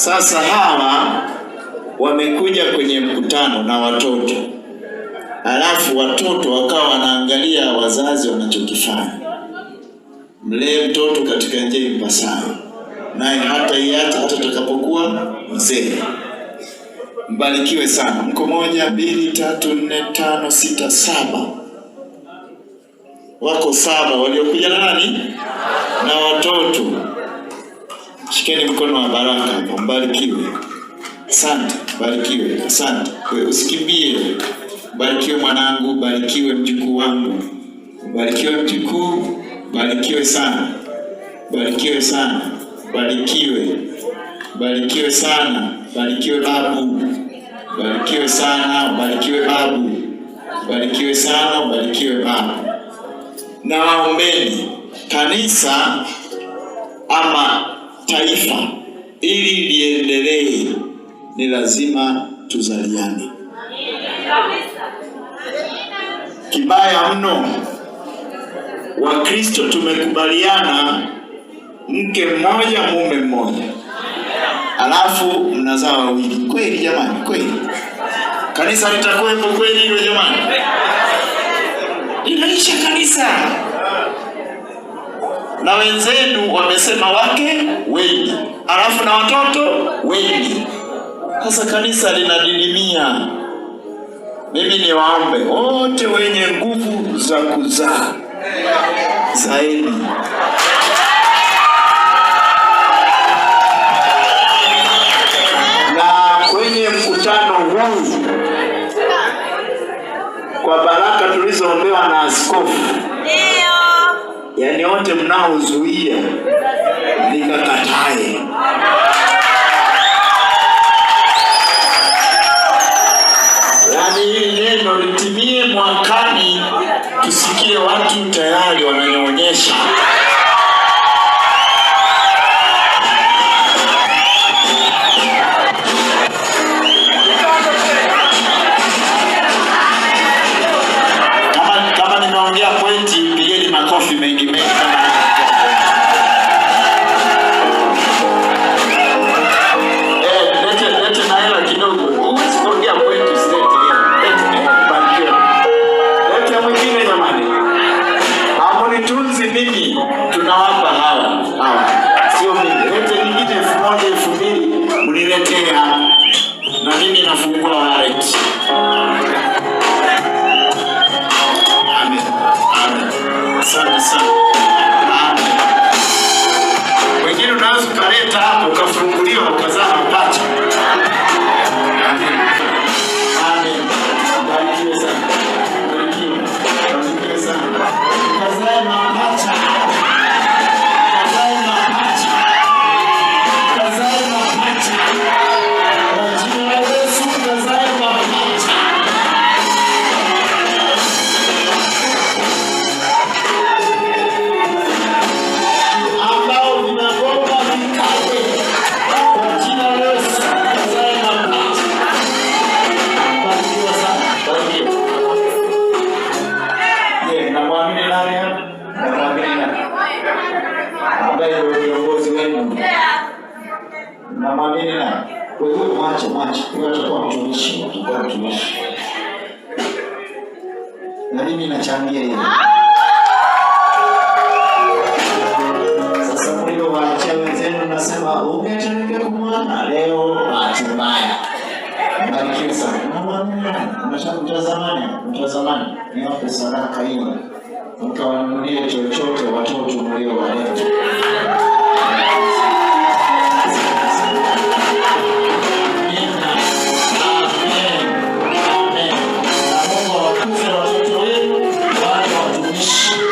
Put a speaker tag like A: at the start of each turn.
A: Sasa hawa wamekuja kwenye mkutano na watoto, alafu watoto wakawa wanaangalia wazazi wanachokifanya. Mlee mtoto katika njia ipasayo, naye hata iacha hata utakapokuwa mzee. Mbarikiwe sana. Mko moja, mbili, tatu, nne, tano, sita, saba. Wako saba waliokuja nani na watoto Shikeni mkono wa baraka, mbarikiwe. Asante, mbarikiwe. Asante. Wewe usikimbie. Mbarikiwe mwanangu, mbarikiwe mjukuu wangu. Mbarikiwe mjukuu, mbarikiwe sana. Mbarikiwe sana. Mbarikiwe. Mbarikiwe sana. Mbarikiwe babu. Mbarikiwe sana, mbarikiwe babu. Mbarikiwe sana, mbarikiwe babu. Na waombeni kanisa ama taifa ili liendelee, ni lazima tuzaliane. Kibaya mno, Wakristo tumekubaliana mke mmoja mume mmoja, alafu mnazaa wawili. Kweli jamani? Kweli kanisa litakuwepo kweli hilo jamani? Inaisha kanisa na wenzenu wamesema wake wengi, halafu na watoto wengi. Sasa kanisa linadidimia. Mimi niwaombe wote wenye nguvu za kuzaa zaidi mkutano huu kwa baraka tulizoombewa na askofu yaani wote mnaozuia nikakatae Kwa hiyo mwache, mwache, huyo atakuwa mtumishi, atakuwa mtumishi, na mimi nachangia hivi sasa. Mlio waachia wenzenu, nasema ungeteleke kumwona leo, bahati mbaya. Barikiwe sana, mtazamani, mtazamani, niwape sadaka hiyo, mkawanunulie chochote watoto mlio waleta Deus.